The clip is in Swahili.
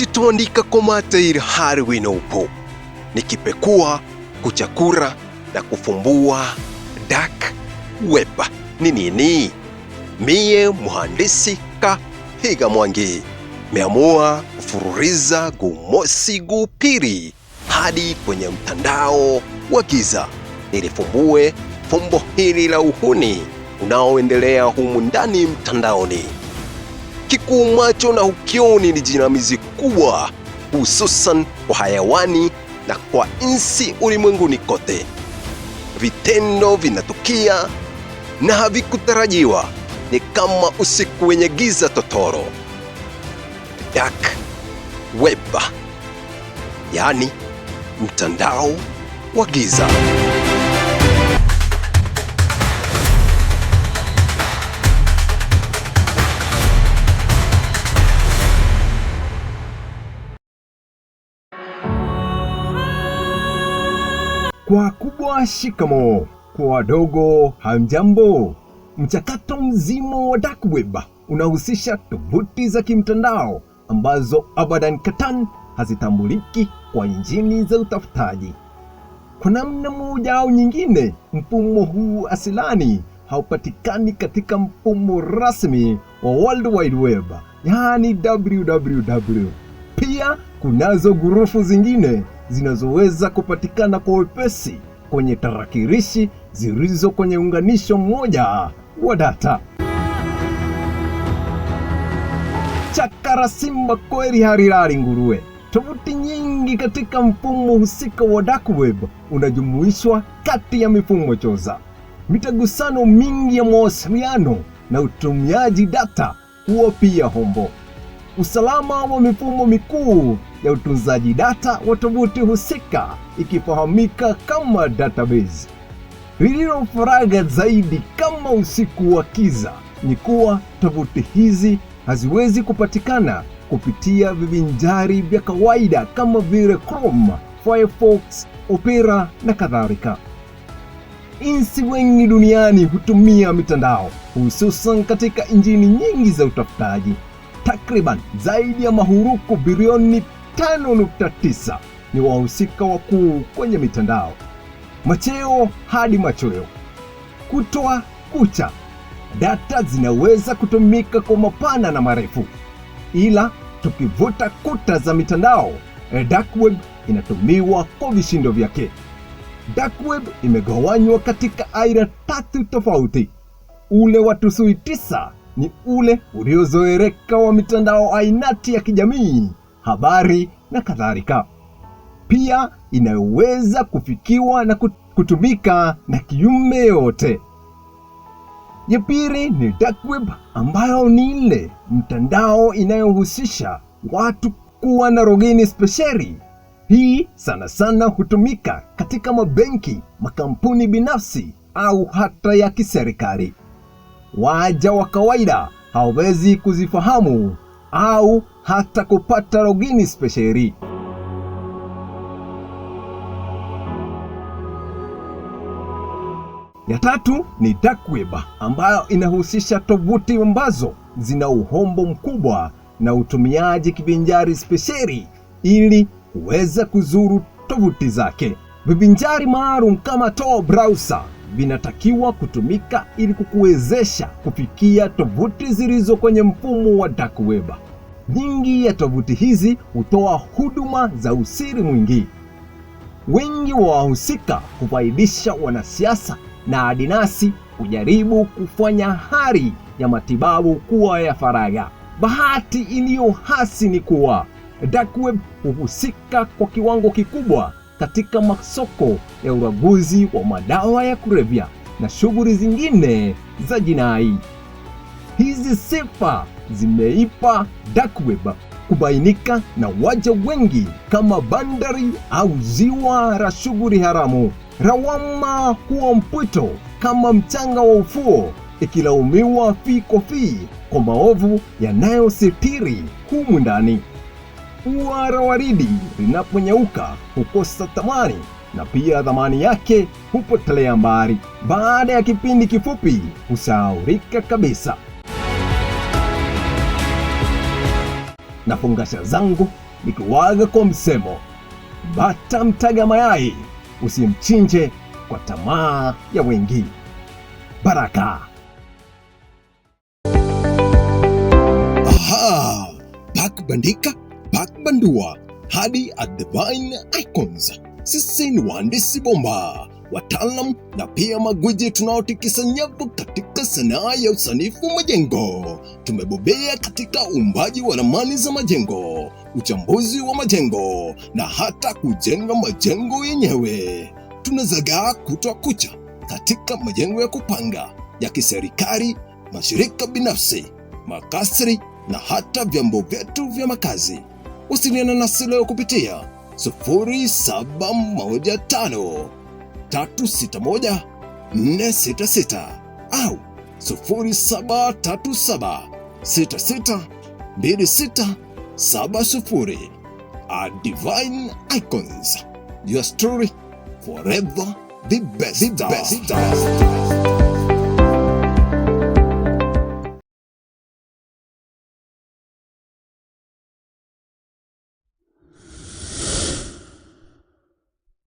sitondika komata ili hari wino upo, nikipekua kuchakura na kufumbua dak weba ni nini. Miye mhandisi higa Mwangi meamua kufururiza gumosi gupiri hadi kwenye mtandao wa giza nilifumbue fumbo hili la uhuni unaoendelea humu ndani mtandaoni kikuu macho na ukioni ni jinamizi kubwa, hususan kwa hayawani na kwa insi ulimwenguni kote. Vitendo vinatukia na havikutarajiwa, ni kama usiku wenye giza totoro, dark web, yaani mtandao wa giza. Kwa kubwa shikamo, kwa wadogo hamjambo. Mchakato mzima wa dark web unahusisha tovuti za kimtandao ambazo abadan katan hazitambuliki kwa injini za utafutaji. Kwa namna moja au nyingine, mfumo huu asilani haupatikani katika mfumo rasmi wa World Wide Web, yaani www. Pia kunazo gurufu zingine zinazoweza kupatikana kwa wepesi kwenye tarakilishi zilizo kwenye unganisho mmoja wa data. Chakara simba kweli halilali nguruwe. Tovuti nyingi katika mfumo husika wa dark web unajumuishwa kati ya mifumo choza. Mitagusano mingi ya mawasiliano na utumiaji data huwa pia hombo usalama wa mifumo mikuu ya utunzaji data wa tovuti husika ikifahamika kama database. Lililo faraga zaidi kama usiku wa kiza ni kuwa tovuti hizi haziwezi kupatikana kupitia vivinjari vya kawaida kama vile Chrome, Firefox, Opera na kadhalika. Insi wengi duniani hutumia mitandao, hususan katika injini nyingi za utafutaji takriban zaidi ya mahuruku bilioni 5.9 ni wahusika wakuu kwenye mitandao, macheo hadi machoyo, kutoa kucha. Data zinaweza kutumika kwa mapana na marefu, ila tukivuta kuta za mitandao, eh, dark web inatumiwa kwa vishindo vyake. Dark web imegawanywa katika aina tatu tofauti: ule wa tusui tisa ni ule uliozoeleka wa mitandao ainati ya kijamii, habari na kadhalika, pia inayoweza kufikiwa na kutumika na kiumbe yote. Ya pili ni dark web, ambayo ni ile mtandao inayohusisha watu kuwa na login spesheli. Hii sana sana hutumika katika mabenki, makampuni binafsi au hata ya kiserikali waja wa kawaida hawawezi kuzifahamu au hata kupata logini spesheli. Ya tatu ni dark web ambayo inahusisha tovuti ambazo zina uhombo mkubwa na utumiaji kivinjari spesheli ili kuweza kuzuru tovuti zake. Vivinjari maalum kama Tor browser vinatakiwa kutumika ili kukuwezesha kufikia tovuti zilizo kwenye mfumo wa dark web. Nyingi ya tovuti hizi hutoa huduma za usiri mwingi. Wengi wa wahusika hufaidisha wanasiasa na adinasi kujaribu kufanya hali ya matibabu kuwa ya faragha. Bahati iliyo hasi ni kuwa dark web huhusika kwa kiwango kikubwa katika masoko ya ulaguzi wa madawa ya kulevya na shughuli zingine za jinai. Hizi sifa zimeipa dark web kubainika na waja wengi kama bandari au ziwa la shughuli haramu. rawama huwa mpwito kama mchanga wa ufuo, ikilaumiwa fii kwa fii kwa maovu yanayositiri humu ndani. Ua la waridi linaponyauka hukosa thamani na pia thamani yake hupotelea mbali. Baada ya kipindi kifupi husaurika kabisa. Na fungasha zangu nikiwaga kwa msemo, bata mtaga mayai usimchinje kwa tamaa ya wengi. Baraka. Aha, Bandika Mark Bandua hadi at Divine Icons. Sisi ni waandisi bomba, wataalam na pia magwiji tunaotikisa nyavu katika sanaa ya usanifu majengo. Tumebobea katika uumbaji wa ramani za majengo, uchambuzi wa majengo na hata kujenga majengo yenyewe. Tunazagaa kutwa kucha katika majengo ya kupanga ya kiserikali, mashirika binafsi, makasri na hata vyombo vyetu vya makazi. Wasiliana nasi leo kupitia 0715 361 466 au 0737 66 Divine Icons. Your story forever the best. The best. The best.